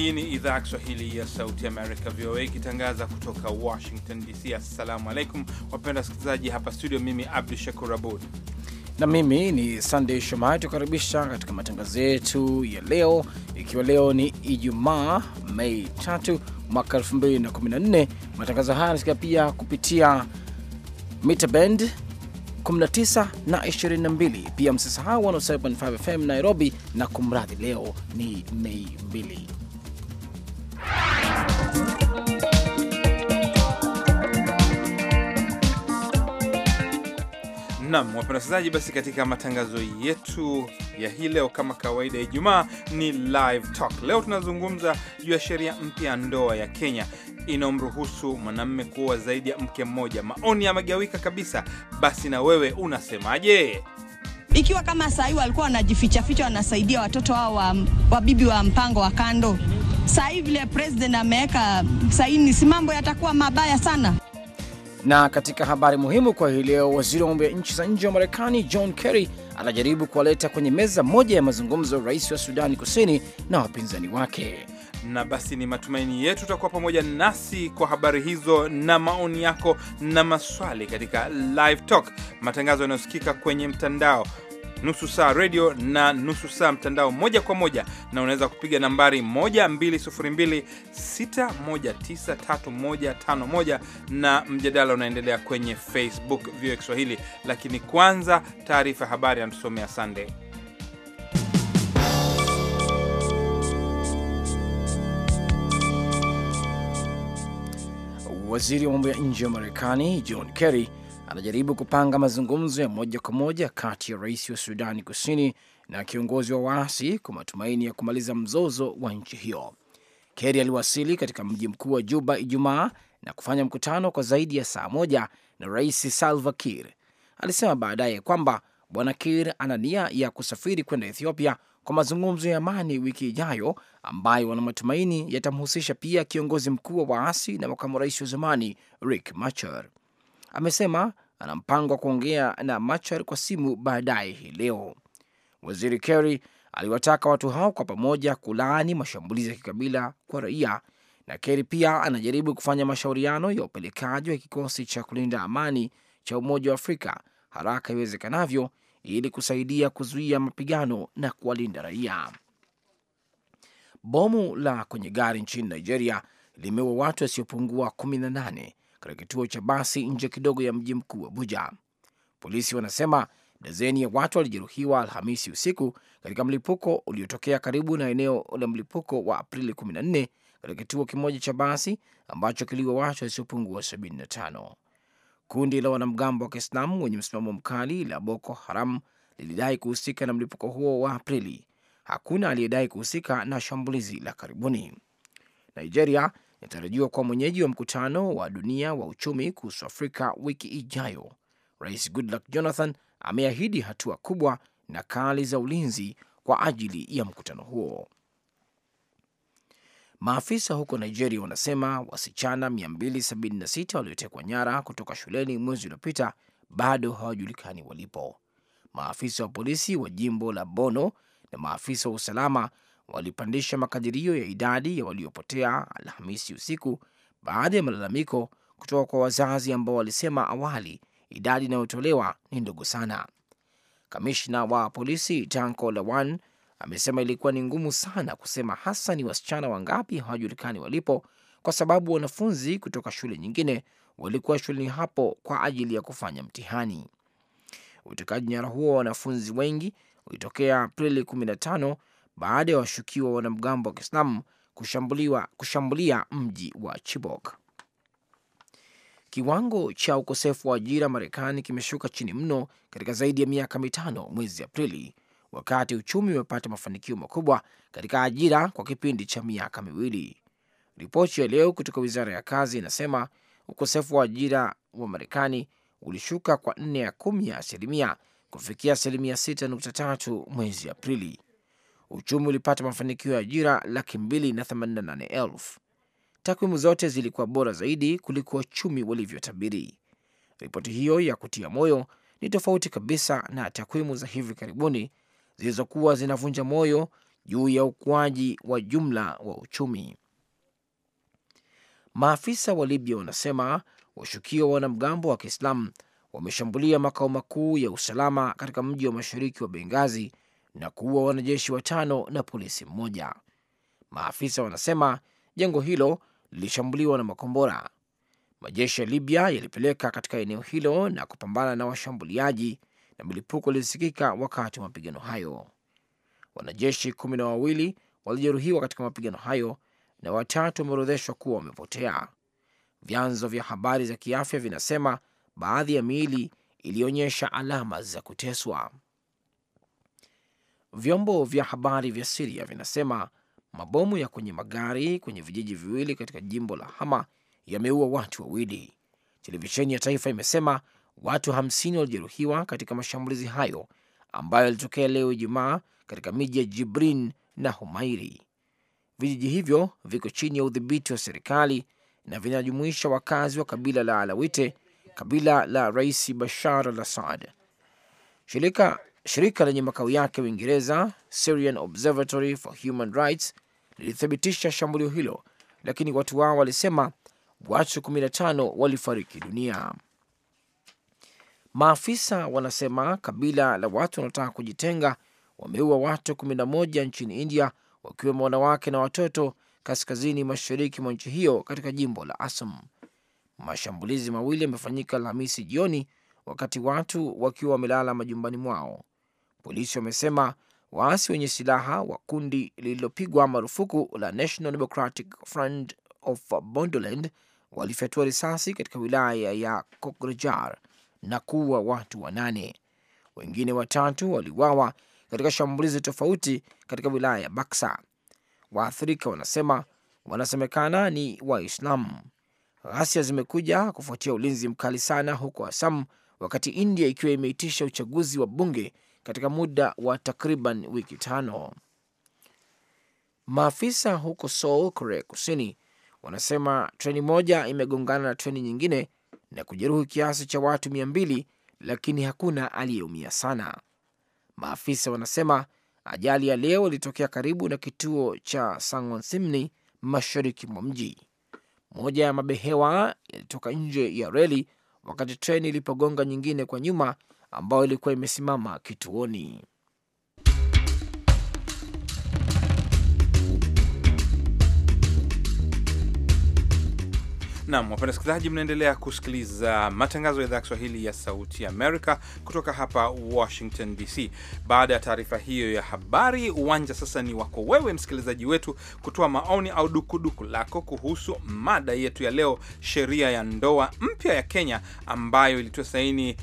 Hii ni idhaa ya Kiswahili ya Sauti Amerika, VOA, ikitangaza kutoka Washington DC. Assalamu alaikum wapenda wasikilizaji, hapa studio, mimi Abdu Shakur Abud na mimi ni sandey Shomari, tukaribisha katika matangazo yetu ya leo, ikiwa leo ni Ijumaa Mei 3 mwaka 2014. Matangazo haya yanasikia pia kupitia mita 19 na 22. Pia msisahau 107.5 FM Nairobi, na kumradhi, leo ni Mei 2. Nam wapenda wasikilizaji, basi katika matangazo yetu ya hii leo, kama kawaida ya Ijumaa, ni live talk. Leo tunazungumza juu ya sheria mpya ya ndoa ya Kenya inayomruhusu mwanamme kuoa zaidi ya mke mmoja. Maoni yamegawika kabisa, basi na wewe unasemaje? Ikiwa kama saa hii walikuwa wanajifichaficha wanasaidia watoto hao wa, wa bibi wa mpango wa kando, saa hii vile president ameweka saini, si mambo yatakuwa mabaya sana? Na katika habari muhimu kwa hii leo, waziri wa mambo ya nchi za nje wa Marekani John Kerry anajaribu kuwaleta kwenye meza moja ya mazungumzo rais wa Sudani Kusini na wapinzani wake. Na basi ni matumaini yetu utakuwa pamoja nasi kwa habari hizo na maoni yako na maswali katika Live Talk, matangazo yanayosikika kwenye mtandao nusu saa redio na nusu saa mtandao moja kwa moja, na unaweza kupiga nambari 12026193151 na mjadala unaendelea kwenye Facebook VOA Kiswahili. Lakini kwanza taarifa ya habari anatusomea Sunday. Waziri wa mambo ya nje wa Marekani John Kerry anajaribu kupanga mazungumzo ya moja kwa moja kati ya rais wa Sudani Kusini na kiongozi wa waasi kwa matumaini ya kumaliza mzozo wa nchi hiyo. Keri aliwasili katika mji mkuu wa Juba Ijumaa na kufanya mkutano kwa zaidi ya saa moja na rais Salva Kir. Alisema baadaye kwamba bwana kir ana nia ya kusafiri kwenda Ethiopia kwa mazungumzo ya amani wiki ijayo, ambayo wana matumaini yatamhusisha pia kiongozi mkuu wa waasi na makamu rais wa zamani Rik Machar amesema ana mpango wa kuongea na Machar kwa simu baadaye hii leo. Waziri Kerry aliwataka watu hao kwa pamoja kulaani mashambulizi ya kikabila kwa raia, na Kerry pia anajaribu kufanya mashauriano ya upelekaji wa kikosi cha kulinda amani cha Umoja wa Afrika haraka iwezekanavyo ili kusaidia kuzuia mapigano na kuwalinda raia. Bomu la kwenye gari nchini Nigeria limeua watu wasiopungua 18 katika kituo cha basi nje kidogo ya mji mkuu Abuja. Polisi wanasema dazeni ya watu walijeruhiwa Alhamisi usiku katika mlipuko uliotokea karibu na eneo la mlipuko wa Aprili 14 katika kituo kimoja cha basi ambacho kiliwa watu wasiopungua wa 75. Kundi la wanamgambo wa Kiislamu wenye msimamo mkali la Boko Haram lilidai kuhusika na mlipuko huo wa Aprili. Hakuna aliyedai kuhusika na shambulizi la karibuni. Nigeria inatarajiwa kuwa mwenyeji wa mkutano wa dunia wa uchumi kuhusu Afrika wiki ijayo. Rais Goodluck Jonathan ameahidi hatua kubwa na kali za ulinzi kwa ajili ya mkutano huo. Maafisa huko Nigeria wanasema wasichana 276 waliotekwa nyara kutoka shuleni mwezi uliopita bado hawajulikani walipo. Maafisa wa polisi wa jimbo la Bono na maafisa wa usalama walipandisha makadirio ya idadi ya waliopotea Alhamisi usiku baada ya malalamiko kutoka kwa wazazi ambao walisema awali idadi inayotolewa ni ndogo sana. Kamishna wa polisi Tanko Lawan amesema ilikuwa ni ngumu sana kusema hasa ni wasichana wangapi hawajulikani walipo, kwa sababu wanafunzi kutoka shule nyingine walikuwa shuleni hapo kwa ajili ya kufanya mtihani. Utekaji nyara huo wa wanafunzi wengi ulitokea Aprili 15 baada ya washukiwa wanamgambo wa Kiislamu kushambulia mji wa Chibok. Kiwango cha ukosefu wa ajira Marekani kimeshuka chini mno katika zaidi ya miaka mitano mwezi Aprili, wakati uchumi umepata mafanikio makubwa katika ajira kwa kipindi cha miaka miwili. Ripoti ya leo kutoka wizara ya kazi inasema ukosefu wa ajira wa Marekani ulishuka kwa nne ya kumi ya asilimia kufikia asilimia 6.3 mwezi Aprili uchumi ulipata mafanikio ya ajira laki mbili na themanini na nane elfu. Takwimu zote zilikuwa bora zaidi kuliko wachumi walivyotabiri. Ripoti hiyo ya kutia moyo ni tofauti kabisa na takwimu za hivi karibuni zilizokuwa zinavunja moyo juu ya ukuaji wa jumla wa uchumi. Maafisa wa Libya wanasema washukiwa wa wanamgambo wa Kiislamu wameshambulia makao makuu ya usalama katika mji wa mashariki wa Bengazi na kuua wanajeshi watano na polisi mmoja. Maafisa wanasema jengo hilo lilishambuliwa na makombora. Majeshi ya Libya yalipeleka katika eneo hilo na kupambana na washambuliaji, na milipuko ilisikika wakati wa mapigano hayo. Wanajeshi kumi na wawili walijeruhiwa katika mapigano hayo na watatu wameorodheshwa kuwa wamepotea. Vyanzo vya habari za kiafya vinasema baadhi ya miili ilionyesha alama za kuteswa. Vyombo vya habari vya Siria vinasema mabomu ya kwenye magari kwenye vijiji viwili katika jimbo la Hama yameua watu wawili. Televisheni ya taifa imesema watu hamsini walijeruhiwa katika mashambulizi hayo ambayo yalitokea leo Ijumaa katika miji ya Jibrin na Humairi. Vijiji hivyo viko chini ya udhibiti wa serikali na vinajumuisha wakazi wa kabila la Alawite, kabila la Rais Bashar al Assad. Shirika Shirika lenye makao yake Uingereza, Syrian Observatory for Human Rights, lilithibitisha shambulio hilo, lakini watu wao walisema watu 15 walifariki dunia. Maafisa wanasema kabila la watu wanaotaka kujitenga wameua watu 11 nchini India, wakiwemo wanawake na watoto kaskazini mashariki mwa nchi hiyo katika jimbo la Assam. Mashambulizi mawili yamefanyika Alhamisi jioni wakati watu wakiwa wamelala majumbani mwao. Polisi wamesema waasi wenye silaha wa kundi lililopigwa marufuku la National Democratic Front of Bondoland walifyatua risasi katika wilaya ya Kokrajhar na kuua watu wanane. Wengine watatu waliuawa katika shambulizi tofauti katika wilaya ya Baksa. Waathirika wanasema wanasemekana ni Waislamu. Ghasia zimekuja kufuatia ulinzi mkali sana huko Assam, wakati India ikiwa imeitisha uchaguzi wa bunge katika muda wa takriban wiki tano. Maafisa huko Seoul, Korea Kusini, wanasema treni moja imegongana na treni nyingine na kujeruhi kiasi cha watu mia mbili, lakini hakuna aliyeumia sana. Maafisa wanasema ajali ya leo ilitokea karibu na kituo cha Sangwon-simni mashariki mwa mji. Moja ya mabehewa yalitoka nje ya reli wakati treni ilipogonga nyingine kwa nyuma ambayo ilikuwa imesimama kituoni. Nam, wapenda sikilizaji, mnaendelea kusikiliza matangazo ya idhaa ya Kiswahili ya Sauti Amerika kutoka hapa Washington DC. Baada ya taarifa hiyo ya habari, uwanja sasa ni wako wewe, msikilizaji wetu, kutoa maoni au dukuduku lako kuhusu mada yetu ya leo, sheria ya ndoa mpya ya Kenya ambayo ilitoa saini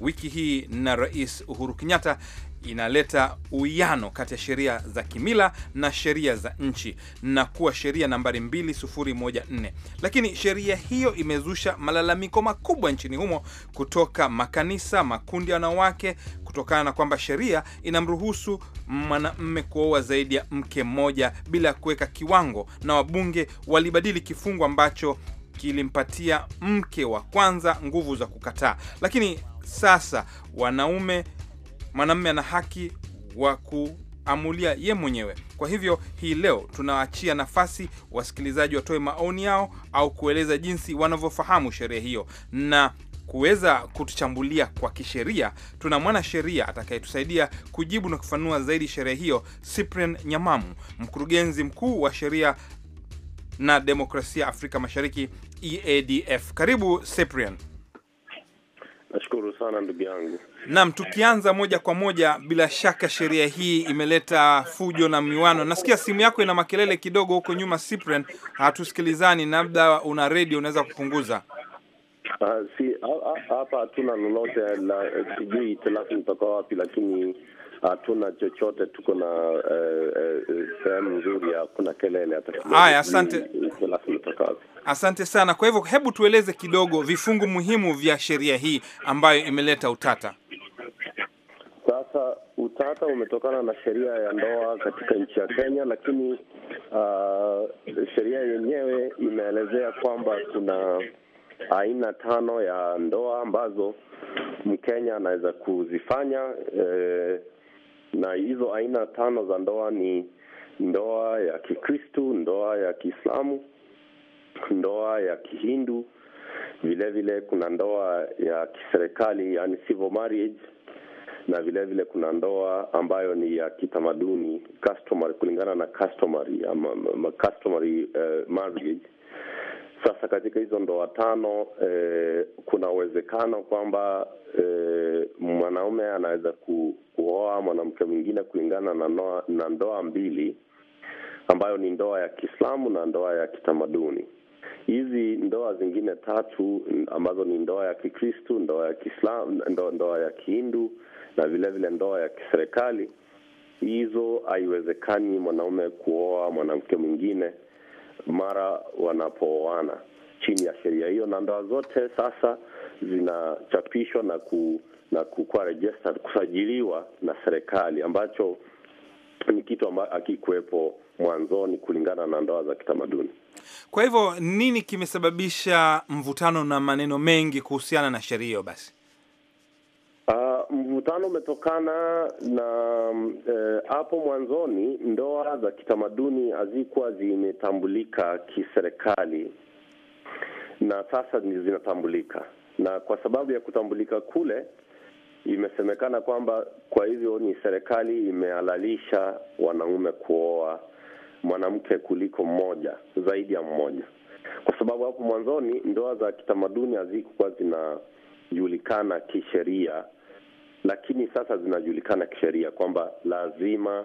wiki hii na Rais Uhuru Kenyatta inaleta uwiano kati ya sheria za kimila na sheria za nchi na kuwa sheria nambari 2014. Lakini sheria hiyo imezusha malalamiko makubwa nchini humo kutoka makanisa, makundi ya wanawake, kutokana na kwamba sheria inamruhusu mwanamme kuoa zaidi ya mke mmoja bila kuweka kiwango, na wabunge walibadili kifungu ambacho kilimpatia mke wa kwanza nguvu za kukataa, lakini sasa wanaume, mwanamume ana haki wa kuamulia ye mwenyewe. Kwa hivyo hii leo tunawaachia nafasi wasikilizaji watoe maoni yao au kueleza jinsi wanavyofahamu sheria hiyo na kuweza kutuchambulia kwa kisheria. Tuna mwanasheria atakayetusaidia kujibu na kufanua zaidi sherehe hiyo, Cyprian Nyamamu, mkurugenzi mkuu wa sheria na demokrasia Afrika Mashariki, EADF. Karibu Cyprian. Nashukuru sana ndugu yangu. Naam, tukianza moja kwa moja, bila shaka sheria hii imeleta fujo na miwano. Nasikia simu yako ina makelele kidogo huko nyuma, Cyprian, hatusikilizani. Labda una redio unaweza kupunguza. Uh, si hapa hatuna lolote la eh, sijui hitilafu nitoka wapi, lakini hatuna chochote, tuko na eh, eh, sehemu nzuri, hakuna kelele hata Haya, asante, asante sana. Kwa hivyo, hebu tueleze kidogo vifungu muhimu vya sheria hii ambayo imeleta utata. Sasa utata umetokana na sheria ya ndoa katika nchi ya Kenya, lakini uh, sheria yenyewe imeelezea kwamba kuna aina tano ya ndoa ambazo Mkenya anaweza kuzifanya eh, na hizo aina tano za ndoa ni ndoa ya Kikristu, ndoa ya Kiislamu, ndoa ya Kihindu, vilevile vile kuna ndoa ya kiserikali, yani civil marriage, na vilevile vile kuna ndoa ambayo ni ya kitamaduni customary, kulingana na customary, ama, customary uh, marriage sasa katika hizo ndoa tano e, kuna uwezekano kwamba e, mwanaume anaweza ku, kuoa mwanamke mwingine kulingana na ndoa, na ndoa mbili ambayo ni ndoa ya Kiislamu na ndoa ya kitamaduni. Hizi ndoa zingine tatu ambazo ni ndoa ya Kikristu, ndoa ya Kiislamu, ndo, ndoa ya Kihindu na vilevile vile ndoa ya kiserikali, hizo haiwezekani mwanaume kuoa mwanamke mwingine mara wanapooana chini ya sheria hiyo, na ndoa zote sasa zinachapishwa na ku na kukuwa registered kusajiliwa na serikali, ambacho ni kitu ambacho hakikuwepo mwanzoni kulingana na ndoa za kitamaduni. Kwa hivyo nini kimesababisha mvutano na maneno mengi kuhusiana na sheria hiyo basi? mvutano umetokana na eh, hapo e, mwanzoni ndoa za kitamaduni hazikuwa zimetambulika kiserikali na sasa zinatambulika, na kwa sababu ya kutambulika kule imesemekana kwamba kwa hivyo ni serikali imehalalisha wanaume kuoa mwanamke kuliko mmoja, zaidi ya mmoja, kwa sababu hapo mwanzoni ndoa za kitamaduni hazikuwa zinajulikana kisheria lakini sasa zinajulikana kisheria kwamba lazima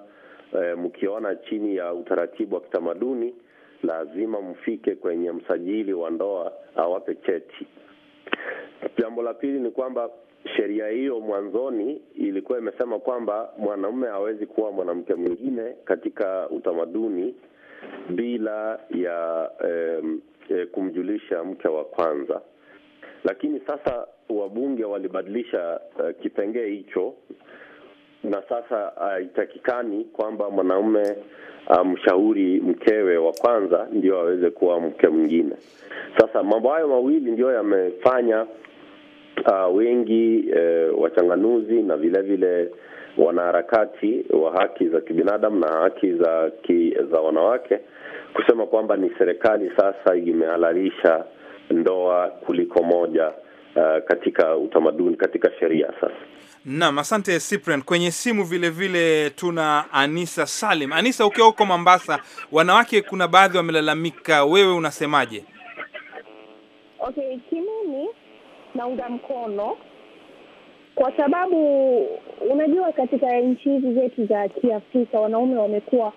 e, mkiona chini ya utaratibu wa kitamaduni lazima mfike kwenye msajili wa ndoa awape cheti. Jambo la pili ni kwamba sheria hiyo mwanzoni ilikuwa imesema kwamba mwanaume hawezi kuwa mwanamke mwingine katika utamaduni bila ya eh, eh, kumjulisha mke wa kwanza, lakini sasa wabunge walibadilisha uh, kipengee hicho na sasa haitakikani uh, kwamba mwanaume ah, mshauri mkewe wa kwanza ndio aweze kuwa mke mwingine. Sasa mambo hayo mawili ndio yamefanya uh, wengi uh, wachanganuzi na vile vile wanaharakati wa haki za kibinadamu na haki za ki, za wanawake kusema kwamba ni serikali sasa imehalalisha ndoa kuliko moja uh, katika utamaduni, katika sheria. Sasa naam, asante Cyprian. Kwenye simu vile vile tuna Anisa Salim. Anisa, ukiwa huko Mombasa, wanawake kuna baadhi wamelalamika, wewe unasemaje? Okay, kimimi naunga mkono kwa sababu unajua katika nchi hizi zetu za Kiafrika wanaume wamekuwa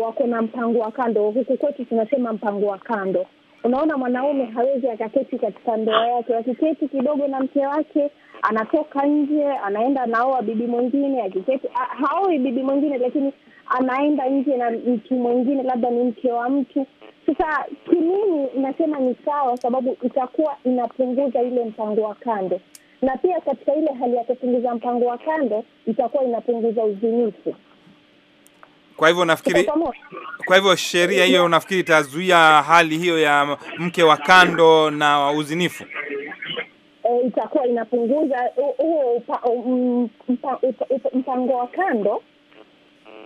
wako na mpango wa kando, huku kwetu tunasema mpango wa kando Unaona, mwanaume hawezi akaketi katika ndoa yake, akiketi kidogo na mke wake anatoka nje, anaenda anaoa bibi mwingine, akiketi haoi bibi mwingine, lakini anaenda nje na mtu mwingine, labda ni mke wa mtu. Sasa kimimi nasema ni sawa, sababu itakuwa inapunguza ile mpango wa kando, na pia katika ile hali ya kupunguza mpango wa kando itakuwa inapunguza uzinifu. Kwa hivyo nafikiri, kwa hivyo sheria hiyo unafikiri itazuia hali hiyo ya mke wa kando na uzinifu? E, itakuwa inapunguza huo um, mpango wa kando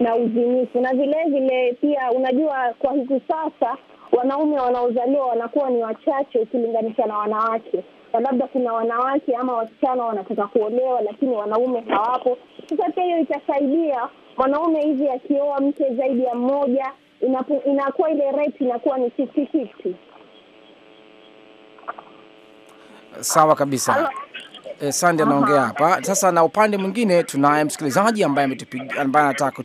na uzinifu, na vile vile pia, unajua kwa hivi sasa wanaume wanaozaliwa wanakuwa ni wachache ukilinganisha na wanawake, na labda kuna wanawake ama wasichana wanataka kuolewa, lakini wanaume hawapo. Sasa pia hiyo itasaidia mwanaume hivi akioa mke zaidi ya mmoja, inakuwa ile rate inakuwa ni fifty fifty. Sawa kabisa. Eh, Sande anaongea hapa sasa, na upande mwingine tunaye msikilizaji ambaye ambaye anataka